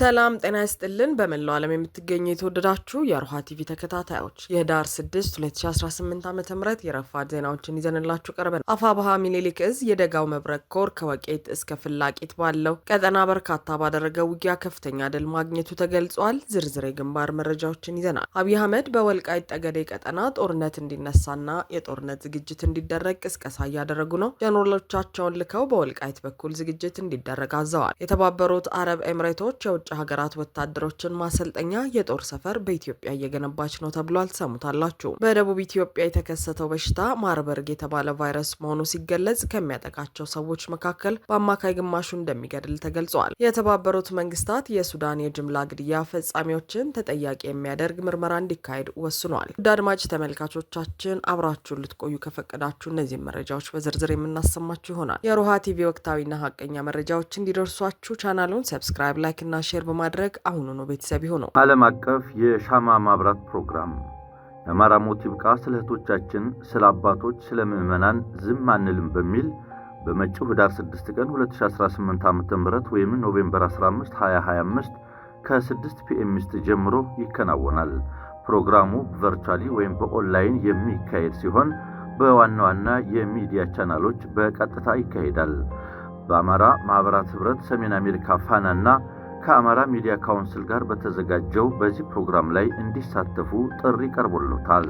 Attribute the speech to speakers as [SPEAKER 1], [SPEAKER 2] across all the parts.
[SPEAKER 1] ሰላም ጤና ይስጥልን። በመላው ዓለም የምትገኙ የተወደዳችሁ የሮሃ ቲቪ ተከታታዮች የህዳር 6 2018 ዓ ም የረፋድ ዜናዎችን ይዘንላችሁ ቀርበን አፋባሃ ሚኒሊክ እዝ የደጋው መብረቅ ኮር ከወቄት እስከ ፍላቂት ባለው ቀጠና በርካታ ባደረገው ውጊያ ከፍተኛ ድል ማግኘቱ ተገልጿል። ዝርዝር የግንባር መረጃዎችን ይዘናል። አብይ አህመድ በወልቃይት ጠገዴ ቀጠና ጦርነት እንዲነሳና የጦርነት ዝግጅት እንዲደረግ ቅስቀሳ እያደረጉ ነው። ጀኔራሎቻቸውን ልከው በወልቃይት በኩል ዝግጅት እንዲደረግ አዘዋል። የተባበሩት አረብ ኤምሬቶች የውጭ ሀገራት ወታደሮችን ማሰልጠኛ የጦር ሰፈር በኢትዮጵያ እየገነባች ነው ተብሎ አልሰሙታላችሁ። በደቡብ ኢትዮጵያ የተከሰተው በሽታ ማርበርግ የተባለ ቫይረስ መሆኑ ሲገለጽ ከሚያጠቃቸው ሰዎች መካከል በአማካይ ግማሹ እንደሚገድል ተገልጿል። የተባበሩት መንግስታት የሱዳን የጅምላ ግድያ ፈጻሚዎችን ተጠያቂ የሚያደርግ ምርመራ እንዲካሄድ ወስኗል። ውድ አድማጭ ተመልካቾቻችን አብራችሁን ልትቆዩ ከፈቀዳችሁ እነዚህም መረጃዎች በዝርዝር የምናሰማችሁ ይሆናል። የሮሃ ቲቪ ወቅታዊና ሀቀኛ መረጃዎች እንዲደርሷችሁ ቻናሉን ሰብስክራይብ፣ ላይክ እና ሼር ሼር በማድረግ አሁኑኑ ቤተሰብ ይሁኑ።
[SPEAKER 2] ዓለም አቀፍ የሻማ ማብራት ፕሮግራም የአማራ ሞት ይብቃ፣ ስለ እህቶቻችን፣ ስለ አባቶች፣ ስለ ምዕመናን ዝም አንልም በሚል በመጪው ህዳር 6 ቀን 2018 ዓ ም ወይም ኖቬምበር 15 2025 ከ6 ፒኤም ስት ጀምሮ ይከናወናል። ፕሮግራሙ ቨርቹዋሊ ወይም በኦንላይን የሚካሄድ ሲሆን በዋና ዋና የሚዲያ ቻናሎች በቀጥታ ይካሄዳል። በአማራ ማኅበራት ኅብረት ሰሜን አሜሪካ ፋናና ከአማራ ሚዲያ ካውንስል ጋር በተዘጋጀው በዚህ ፕሮግራም ላይ እንዲሳተፉ ጥሪ ቀርቦለታል።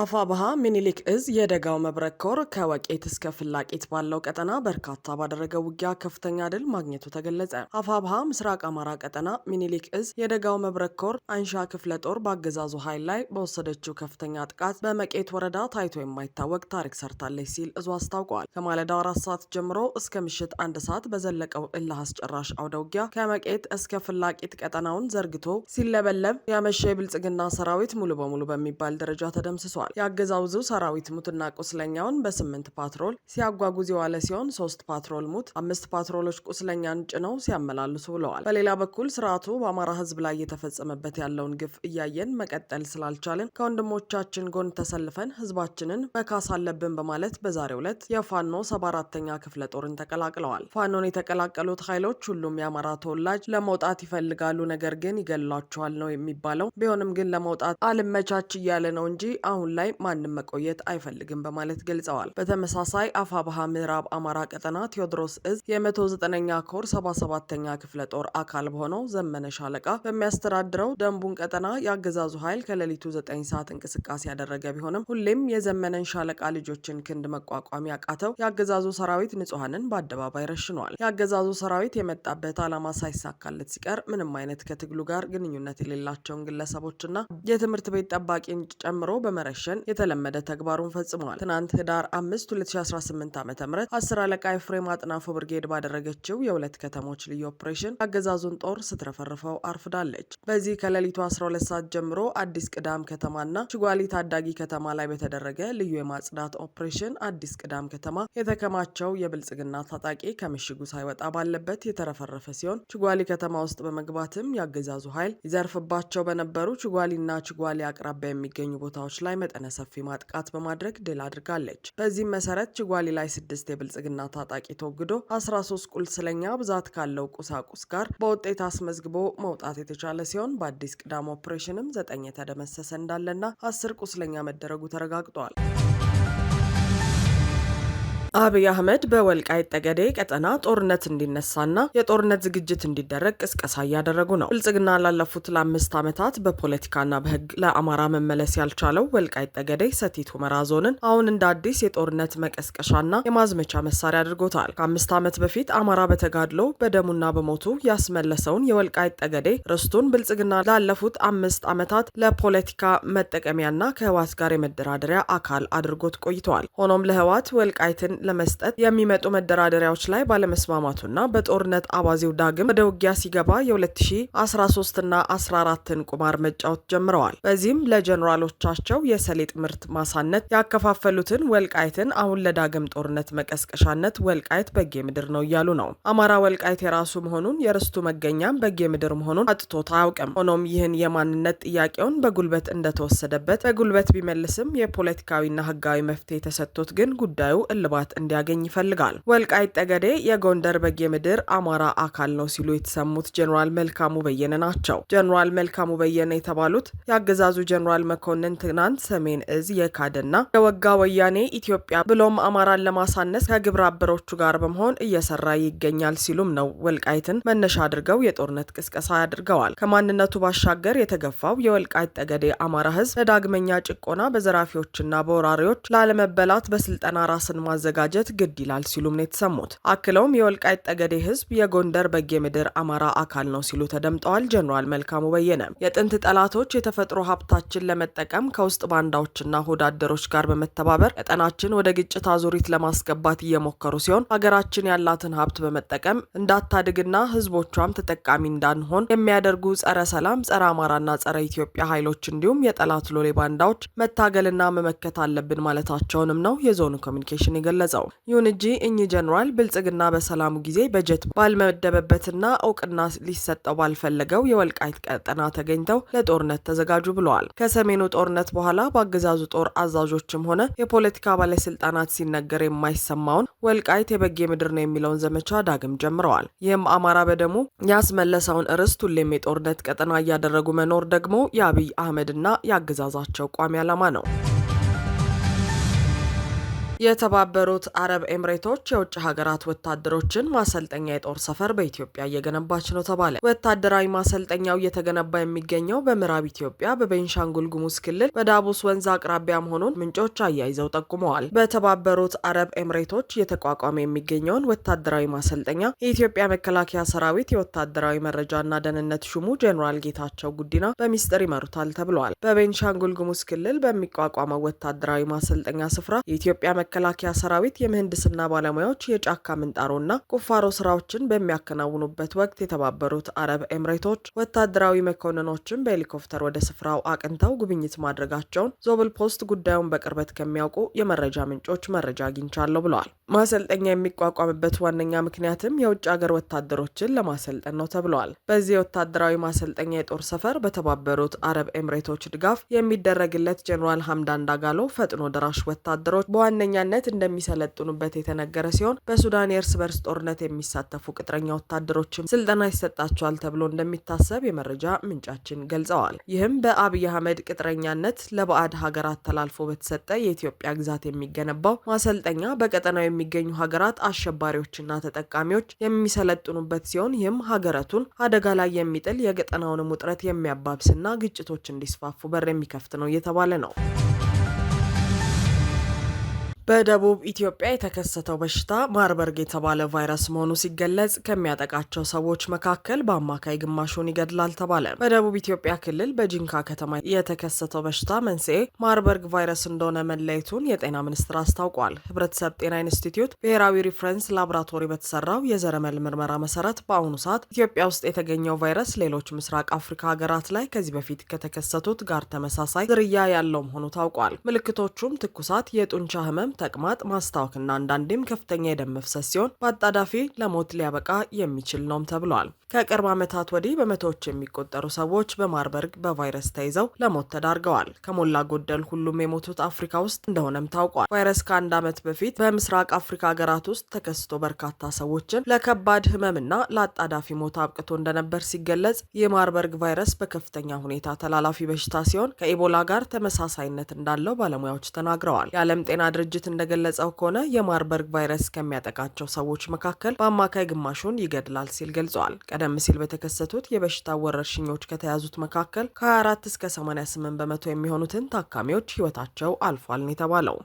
[SPEAKER 1] አፋብሃ ሚኒሊክ እዝ የደጋው መብረቅ ኮር ከወቄት እስከ ፍላቄት ባለው ቀጠና በርካታ ባደረገው ውጊያ ከፍተኛ ድል ማግኘቱ ተገለጸ። አፋብሃ ምስራቅ አማራ ቀጠና ሚኒሊክ እዝ የደጋው መብረቅ ኮር አንሻ ክፍለ ጦር በአገዛዙ ኃይል ላይ በወሰደችው ከፍተኛ ጥቃት በመቄት ወረዳ ታይቶ የማይታወቅ ታሪክ ሰርታለች ሲል እዙ አስታውቋል። ከማለዳው አራት ሰዓት ጀምሮ እስከ ምሽት አንድ ሰዓት በዘለቀው እልህ አስጨራሽ አውደ ውጊያ ከመቄት እስከ ፍላቂት ቀጠናውን ዘርግቶ ሲለበለብ ያመሸ የብልጽግና ሰራዊት ሙሉ በሙሉ በሚባል ደረጃ ተደምስሷል። ገልጸዋል። የአገዛዙ ሰራዊት ሙትና ቁስለኛውን በስምንት ፓትሮል ሲያጓጉዝ የዋለ ሲሆን ሶስት ፓትሮል ሙት፣ አምስት ፓትሮሎች ቁስለኛን ጭነው ሲያመላልሱ ብለዋል። በሌላ በኩል ስርዓቱ በአማራ ህዝብ ላይ እየተፈጸመበት ያለውን ግፍ እያየን መቀጠል ስላልቻልን ከወንድሞቻችን ጎን ተሰልፈን ህዝባችንን መካስ አለብን በማለት በዛሬው ዕለት የፋኖ ሰባ አራተኛ ክፍለ ጦርን ተቀላቅለዋል። ፋኖን የተቀላቀሉት ኃይሎች ሁሉም የአማራ ተወላጅ ለመውጣት ይፈልጋሉ፣ ነገር ግን ይገሏቸዋል ነው የሚባለው። ቢሆንም ግን ለመውጣት አልመቻች እያለ ነው እንጂ አሁን ላይ ማንም መቆየት አይፈልግም በማለት ገልጸዋል። በተመሳሳይ አፋብሃ ምዕራብ አማራ ቀጠና ቴዎድሮስ እዝ የ109ኛ ኮር 77ኛ ክፍለ ጦር አካል በሆነው ዘመነ ሻለቃ በሚያስተዳድረው ደንቡን ቀጠና የአገዛዙ ኃይል ከሌሊቱ 9 ሰዓት እንቅስቃሴ ያደረገ ቢሆንም ሁሌም የዘመነን ሻለቃ ልጆችን ክንድ መቋቋም ያቃተው የአገዛዙ ሰራዊት ንጹሐንን በአደባባይ ረሽኗል። የአገዛዙ ሰራዊት የመጣበት ዓላማ ሳይሳካለት ሲቀር ምንም አይነት ከትግሉ ጋር ግንኙነት የሌላቸውን ግለሰቦችና የትምህርት ቤት ጠባቂን ጨምሮ በመረሸ ማሸን የተለመደ ተግባሩን ፈጽሟል። ትናንት ህዳር 5 2018 ዓ ም አስር አለቃ ኤፍሬም አጥናፎ ብርጌድ ባደረገችው የሁለት ከተሞች ልዩ ኦፕሬሽን አገዛዙን ጦር ስትረፈርፈው አርፍዳለች። በዚህ ከሌሊቱ 12 ሰዓት ጀምሮ አዲስ ቅዳም ከተማና ሽጓሊ ታዳጊ ከተማ ላይ በተደረገ ልዩ የማጽዳት ኦፕሬሽን አዲስ ቅዳም ከተማ የተከማቸው የብልጽግና ታጣቂ ከምሽጉ ሳይወጣ ባለበት የተረፈረፈ ሲሆን ችጓሊ ከተማ ውስጥ በመግባትም ያገዛዙ ኃይል ይዘርፍባቸው በነበሩ ችጓሊና ችጓሊ አቅራቢያ የሚገኙ ቦታዎች ላይ መጥ መጠነ ሰፊ ማጥቃት በማድረግ ድል አድርጋለች። በዚህም መሰረት ችጓሊ ላይ ስድስት የብልጽግና ታጣቂ ተወግዶ 13 ቁልስለኛ ብዛት ካለው ቁሳቁስ ጋር በውጤት አስመዝግቦ መውጣት የተቻለ ሲሆን በአዲስ ቅዳም ኦፕሬሽንም ዘጠኝ የተደመሰሰ እንዳለና አስር ቁስለኛ መደረጉ ተረጋግጧል። አብይ አህመድ በወልቃይት ጠገዴ ቀጠና ጦርነት እንዲነሳና የጦርነት ዝግጅት እንዲደረግ ቅስቀሳ እያደረጉ ነው። ብልጽግና ላለፉት ለአምስት ዓመታት በፖለቲካና በህግ ለአማራ መመለስ ያልቻለው ወልቃይት ጠገዴ ሰቲት ሁመራ ዞንን አሁን እንደ አዲስ የጦርነት መቀስቀሻና የማዝመቻ መሳሪያ አድርጎታል። ከአምስት ዓመት በፊት አማራ በተጋድሎ በደሙና በሞቱ ያስመለሰውን የወልቃይት ጠገዴ ርስቱን ብልጽግና ላለፉት አምስት ዓመታት ለፖለቲካ መጠቀሚያና ከህዋት ጋር የመደራደሪያ አካል አድርጎት ቆይተዋል። ሆኖም ለህዋት ወልቃይትን ለመስጠት የሚመጡ መደራደሪያዎች ላይ ባለመስማማቱና በጦርነት አባዜው ዳግም ወደ ውጊያ ሲገባ የ2013ና 14ን ቁማር መጫወት ጀምረዋል። በዚህም ለጀኔራሎቻቸው የሰሊጥ ምርት ማሳነት ያከፋፈሉትን ወልቃይትን አሁን ለዳግም ጦርነት መቀስቀሻነት ወልቃይት በጌ ምድር ነው እያሉ ነው። አማራ ወልቃይት የራሱ መሆኑን የርስቱ መገኛም በጌ ምድር መሆኑን አጥቶት አያውቅም። ሆኖም ይህን የማንነት ጥያቄውን በጉልበት እንደተወሰደበት በጉልበት ቢመልስም የፖለቲካዊና ህጋዊ መፍትሄ ተሰጥቶት ግን ጉዳዩ እልባት እንዲያገኝ ይፈልጋል። ወልቃይት ጠገዴ የጎንደር በጌ ምድር አማራ አካል ነው ሲሉ የተሰሙት ጀኔራል መልካሙ በየነ ናቸው። ጀኔራል መልካሙ በየነ የተባሉት የአገዛዙ ጀኔራል መኮንን ትናንት ሰሜን እዝ የካደና የወጋ ወያኔ ኢትዮጵያ ብሎም አማራን ለማሳነስ ከግብረ አበሮቹ ጋር በመሆን እየሰራ ይገኛል ሲሉም ነው ወልቃይትን መነሻ አድርገው የጦርነት ቅስቀሳ አድርገዋል። ከማንነቱ ባሻገር የተገፋው የወልቃይት ጠገዴ አማራ ህዝብ ለዳግመኛ ጭቆና በዘራፊዎችና በወራሪዎች ላለመበላት በስልጠና ራስን ማዘጋ ማዘጋጀት ግድ ይላል ሲሉም ነው የተሰሙት። አክለውም የወልቃይት ጠገዴ ህዝብ የጎንደር በጌ ምድር አማራ አካል ነው ሲሉ ተደምጠዋል። ጀኔራል መልካሙ በየነ የጥንት ጠላቶች የተፈጥሮ ሀብታችን ለመጠቀም ከውስጥ ባንዳዎችና ሆዳደሮች ጋር በመተባበር ቀጠናችን ወደ ግጭት አዙሪት ለማስገባት እየሞከሩ ሲሆን ሀገራችን ያላትን ሀብት በመጠቀም እንዳታድግና ህዝቦቿም ተጠቃሚ እንዳንሆን የሚያደርጉ ጸረ ሰላም፣ ጸረ አማራና ጸረ ኢትዮጵያ ኃይሎች እንዲሁም የጠላት ሎሌ ባንዳዎች መታገልና መመከት አለብን ማለታቸውንም ነው የዞኑ ኮሚኒኬሽን የገለጸ የገለጸው። ይሁን እንጂ እኚህ ጀኔራል ብልጽግና በሰላሙ ጊዜ በጀት ባልመደበበትና እውቅና ሊሰጠው ባልፈለገው የወልቃይት ቀጠና ተገኝተው ለጦርነት ተዘጋጁ ብለዋል። ከሰሜኑ ጦርነት በኋላ በአገዛዙ ጦር አዛዦችም ሆነ የፖለቲካ ባለስልጣናት ሲነገር የማይሰማውን ወልቃይት የበጌ ምድር ነው የሚለውን ዘመቻ ዳግም ጀምረዋል። ይህም አማራ በደሙ ያስመለሰውን ርስት ሁሌም የጦርነት ቀጠና እያደረጉ መኖር ደግሞ የአብይ አህመድና የአገዛዛቸው ቋሚ ዓላማ ነው። የተባበሩት አረብ ኤምሬቶች የውጭ ሀገራት ወታደሮችን ማሰልጠኛ የጦር ሰፈር በኢትዮጵያ እየገነባች ነው ተባለ። ወታደራዊ ማሰልጠኛው እየተገነባ የሚገኘው በምዕራብ ኢትዮጵያ በቤንሻንጉል ጉሙዝ ክልል በዳቡስ ወንዝ አቅራቢያ መሆኑን ምንጮች አያይዘው ጠቁመዋል። በተባበሩት አረብ ኤምሬቶች እየተቋቋመ የሚገኘውን ወታደራዊ ማሰልጠኛ የኢትዮጵያ መከላከያ ሰራዊት የወታደራዊ መረጃና ደህንነት ሹሙ ጄኔራል ጌታቸው ጉዲና በሚስጥር ይመሩታል ተብሏል። በቤንሻንጉል ጉሙዝ ክልል በሚቋቋመው ወታደራዊ ማሰልጠኛ ስፍራ የኢትዮጵያ የመከላከያ ሰራዊት የምህንድስና ባለሙያዎች የጫካ ምንጣሮና ቁፋሮ ስራዎችን በሚያከናውኑበት ወቅት የተባበሩት አረብ ኤምሬቶች ወታደራዊ መኮንኖችን በሄሊኮፕተር ወደ ስፍራው አቅንተው ጉብኝት ማድረጋቸውን ዞብል ፖስት ጉዳዩን በቅርበት ከሚያውቁ የመረጃ ምንጮች መረጃ አግኝቻለሁ ብለዋል። ማሰልጠኛ የሚቋቋምበት ዋነኛ ምክንያትም የውጭ ሀገር ወታደሮችን ለማሰልጠን ነው ተብለዋል። በዚህ ወታደራዊ ማሰልጠኛ የጦር ሰፈር በተባበሩት አረብ ኤምሬቶች ድጋፍ የሚደረግለት ጄኔራል ሀምዳን ዳጋሎ ፈጥኖ ደራሽ ወታደሮች በዋነኛ በቅጥረኛነት እንደሚሰለጥኑበት የተነገረ ሲሆን በሱዳን የእርስ በርስ ጦርነት የሚሳተፉ ቅጥረኛ ወታደሮችም ስልጠና ይሰጣቸዋል ተብሎ እንደሚታሰብ የመረጃ ምንጫችን ገልጸዋል። ይህም በአብይ አህመድ ቅጥረኛነት ለባዕድ ሀገራት ተላልፎ በተሰጠ የኢትዮጵያ ግዛት የሚገነባው ማሰልጠኛ በቀጠናው የሚገኙ ሀገራት አሸባሪዎችና ተጠቃሚዎች የሚሰለጥኑበት ሲሆን ይህም ሀገረቱን አደጋ ላይ የሚጥል የቀጠናውንም ውጥረት የሚያባብስና ግጭቶች እንዲስፋፉ በር የሚከፍት ነው እየተባለ ነው። በደቡብ ኢትዮጵያ የተከሰተው በሽታ ማርበርግ የተባለ ቫይረስ መሆኑ ሲገለጽ ከሚያጠቃቸው ሰዎች መካከል በአማካይ ግማሹን ይገድላል ተባለ። በደቡብ ኢትዮጵያ ክልል በጂንካ ከተማ የተከሰተው በሽታ መንስኤ ማርበርግ ቫይረስ እንደሆነ መለየቱን የጤና ሚኒስቴር አስታውቋል። ህብረተሰብ ጤና ኢንስቲትዩት ብሔራዊ ሪፍረንስ ላቦራቶሪ በተሰራው የዘረመል ምርመራ መሰረት በአሁኑ ሰዓት ኢትዮጵያ ውስጥ የተገኘው ቫይረስ ሌሎች ምስራቅ አፍሪካ ሀገራት ላይ ከዚህ በፊት ከተከሰቱት ጋር ተመሳሳይ ዝርያ ያለው መሆኑ ታውቋል። ምልክቶቹም ትኩሳት፣ የጡንቻ ህመም ተቅማጥ፣ ማስታወክና አንዳንዴም ከፍተኛ የደም መፍሰስ ሲሆን በአጣዳፊ ለሞት ሊያበቃ የሚችል ነውም ተብሏል። ከቅርብ ዓመታት ወዲህ በመቶዎች የሚቆጠሩ ሰዎች በማርበርግ በቫይረስ ተይዘው ለሞት ተዳርገዋል። ከሞላ ጎደል ሁሉም የሞቱት አፍሪካ ውስጥ እንደሆነም ታውቋል። ቫይረስ ከአንድ ዓመት በፊት በምስራቅ አፍሪካ ሀገራት ውስጥ ተከስቶ በርካታ ሰዎችን ለከባድ ህመምና ለአጣዳፊ ሞት አብቅቶ እንደነበር ሲገለጽ የማርበርግ ቫይረስ በከፍተኛ ሁኔታ ተላላፊ በሽታ ሲሆን ከኢቦላ ጋር ተመሳሳይነት እንዳለው ባለሙያዎች ተናግረዋል። የዓለም ጤና ድርጅት ኢንስቲትዩት እንደገለጸው ከሆነ የማርበርግ ቫይረስ ከሚያጠቃቸው ሰዎች መካከል በአማካይ ግማሹን ይገድላል ሲል ገልጸዋል። ቀደም ሲል በተከሰቱት የበሽታ ወረርሽኞች ከተያዙት መካከል ከ24 እስከ 88 በመቶ የሚሆኑትን ታካሚዎች ህይወታቸው አልፏል ነው የተባለው።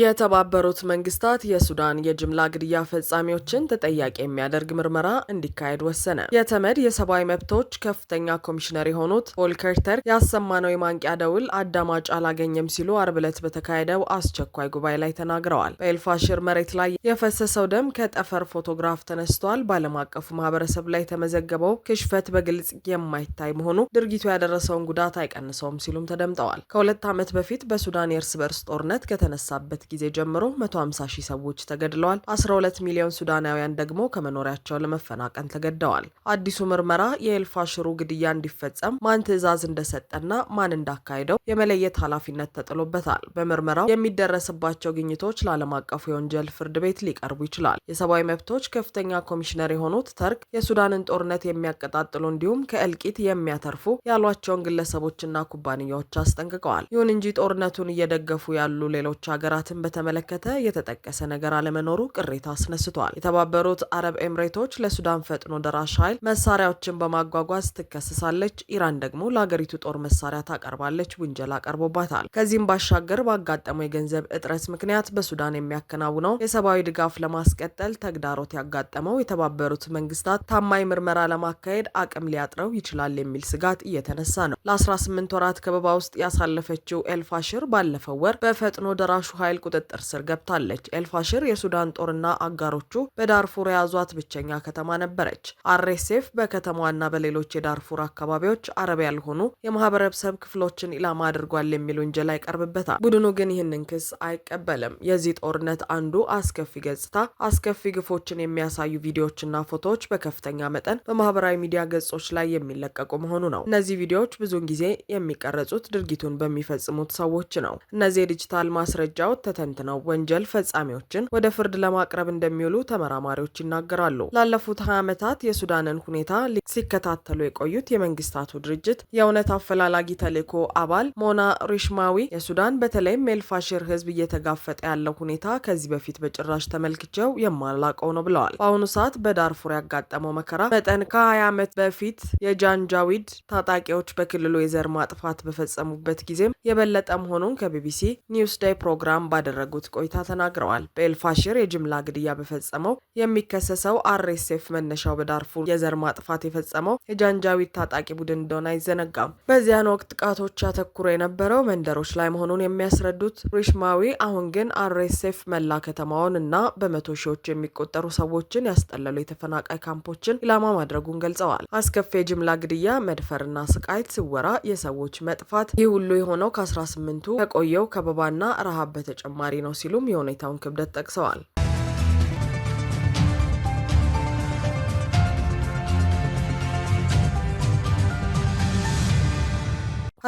[SPEAKER 1] የተባበሩት መንግስታት የሱዳን የጅምላ ግድያ ፈጻሚዎችን ተጠያቂ የሚያደርግ ምርመራ እንዲካሄድ ወሰነ። የተመድ የሰብአዊ መብቶች ከፍተኛ ኮሚሽነር የሆኑት ፖል ከርተር ያሰማነው የማንቂያ ደውል አዳማጭ አላገኘም ሲሉ አርብ ዕለት በተካሄደው አስቸኳይ ጉባኤ ላይ ተናግረዋል። በኤልፋሽር መሬት ላይ የፈሰሰው ደም ከጠፈር ፎቶግራፍ ተነስቷል። በዓለም አቀፉ ማህበረሰብ ላይ የተመዘገበው ክሽፈት በግልጽ የማይታይ መሆኑ ድርጊቱ ያደረሰውን ጉዳት አይቀንሰውም ሲሉም ተደምጠዋል። ከሁለት ዓመት በፊት በሱዳን የእርስ በርስ ጦርነት ከተነሳበት ጊዜ ጀምሮ 150 ሺህ ሰዎች ተገድለዋል፣ 12 ሚሊዮን ሱዳናውያን ደግሞ ከመኖሪያቸው ለመፈናቀል ተገደዋል። አዲሱ ምርመራ የኤልፋሽሩ ግድያ እንዲፈጸም ማን ትዕዛዝ እንደሰጠና ማን እንዳካሄደው የመለየት ኃላፊነት ተጥሎበታል። በምርመራው የሚደረስባቸው ግኝቶች ለዓለም አቀፉ የወንጀል ፍርድ ቤት ሊቀርቡ ይችላል። የሰብአዊ መብቶች ከፍተኛ ኮሚሽነር የሆኑት ተርክ የሱዳንን ጦርነት የሚያቀጣጥሉ እንዲሁም ከእልቂት የሚያተርፉ ያሏቸውን ግለሰቦችና ኩባንያዎች አስጠንቅቀዋል። ይሁን እንጂ ጦርነቱን እየደገፉ ያሉ ሌሎች ሀገራት ስርዓትን በተመለከተ የተጠቀሰ ነገር አለመኖሩ ቅሬታ አስነስቷል። የተባበሩት አረብ ኤምሬቶች ለሱዳን ፈጥኖ ደራሽ ኃይል መሳሪያዎችን በማጓጓዝ ትከሰሳለች፣ ኢራን ደግሞ ለአገሪቱ ጦር መሳሪያ ታቀርባለች ውንጀላ ቀርቦባታል። ከዚህም ባሻገር ባጋጠመው የገንዘብ እጥረት ምክንያት በሱዳን የሚያከናውነው የሰብአዊ ድጋፍ ለማስቀጠል ተግዳሮት ያጋጠመው የተባበሩት መንግስታት ታማኝ ምርመራ ለማካሄድ አቅም ሊያጥረው ይችላል የሚል ስጋት እየተነሳ ነው። ለ18 ወራት ከበባ ውስጥ ያሳለፈችው ኤልፋሽር ባለፈው ወር በፈጥኖ ደራሹ ኃይል ቁጥጥር ስር ገብታለች። ኤልፋሽር የሱዳን ጦርና አጋሮቹ በዳርፉር የያዟት ብቸኛ ከተማ ነበረች። አርኤስኤፍ በከተማዋና በሌሎች የዳርፉር አካባቢዎች አረብ ያልሆኑ የማህበረሰብ ክፍሎችን ኢላማ አድርጓል የሚል ውንጀላ ይቀርብበታል። ቡድኑ ግን ይህንን ክስ አይቀበልም። የዚህ ጦርነት አንዱ አስከፊ ገጽታ አስከፊ ግፎችን የሚያሳዩ ቪዲዮዎችና ፎቶዎች በከፍተኛ መጠን በማህበራዊ ሚዲያ ገጾች ላይ የሚለቀቁ መሆኑ ነው። እነዚህ ቪዲዮዎች ብዙውን ጊዜ የሚቀረጹት ድርጊቱን በሚፈጽሙት ሰዎች ነው። እነዚህ የዲጂታል ማስረጃዎች ተተንትነው ወንጀል ፈጻሚዎችን ወደ ፍርድ ለማቅረብ እንደሚውሉ ተመራማሪዎች ይናገራሉ። ላለፉት 20 ዓመታት የሱዳንን ሁኔታ ሲከታተሉ የቆዩት የመንግስታቱ ድርጅት የእውነት አፈላላጊ ተልዕኮ አባል ሞና ሪሽማዊ የሱዳን በተለይም ኤልፋሽር ህዝብ እየተጋፈጠ ያለው ሁኔታ ከዚህ በፊት በጭራሽ ተመልክቼው የማላቀው ነው ብለዋል። በአሁኑ ሰዓት በዳርፉር ያጋጠመው መከራ መጠን ከ20 ዓመት በፊት የጃንጃዊድ ታጣቂዎች በክልሉ የዘር ማጥፋት በፈጸሙበት ጊዜም የበለጠ መሆኑን ከቢቢሲ ኒውስዳይ ፕሮግራም ባደረጉት ቆይታ ተናግረዋል። በኤልፋሽር የጅምላ ግድያ በፈጸመው የሚከሰሰው አርኤስኤፍ መነሻው በዳርፉር የዘር ማጥፋት የፈጸመው የጃንጃዊት ታጣቂ ቡድን እንደሆነ አይዘነጋም። በዚያን ወቅት ጥቃቶች ያተኩሮ የነበረው መንደሮች ላይ መሆኑን የሚያስረዱት ሪሽማዊ፣ አሁን ግን አርኤስኤፍ መላ ከተማውን እና በመቶ ሺዎች የሚቆጠሩ ሰዎችን ያስጠለሉ የተፈናቃይ ካምፖችን ኢላማ ማድረጉን ገልጸዋል። አስከፊ የጅምላ ግድያ፣ መድፈርና ስቃይ፣ ስወራ፣ የሰዎች መጥፋት ይህ ሁሉ የሆነው ከ18ቱ ከቆየው ከበባና ረሃብ በተጨ ተጨማሪ ነው ሲሉም የሁኔታውን ክብደት ጠቅሰዋል።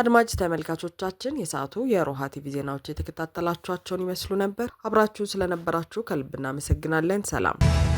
[SPEAKER 1] አድማጭ ተመልካቾቻችን የሰዓቱ የሮሃ ቲቪ ዜናዎች የተከታተላችኋቸውን ይመስሉ ነበር። አብራችሁ ስለነበራችሁ ከልብ እናመሰግናለን። ሰላም